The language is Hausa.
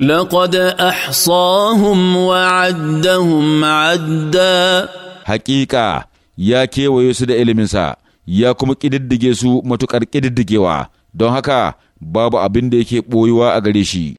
لقد احصاهم وعدهم عدا حقيقه يا kewaye su da iliminsa ya kuma ƙididdige su matuƙar ƙididdigewa don haka babu abin da yake ɓoyuwa a gare shi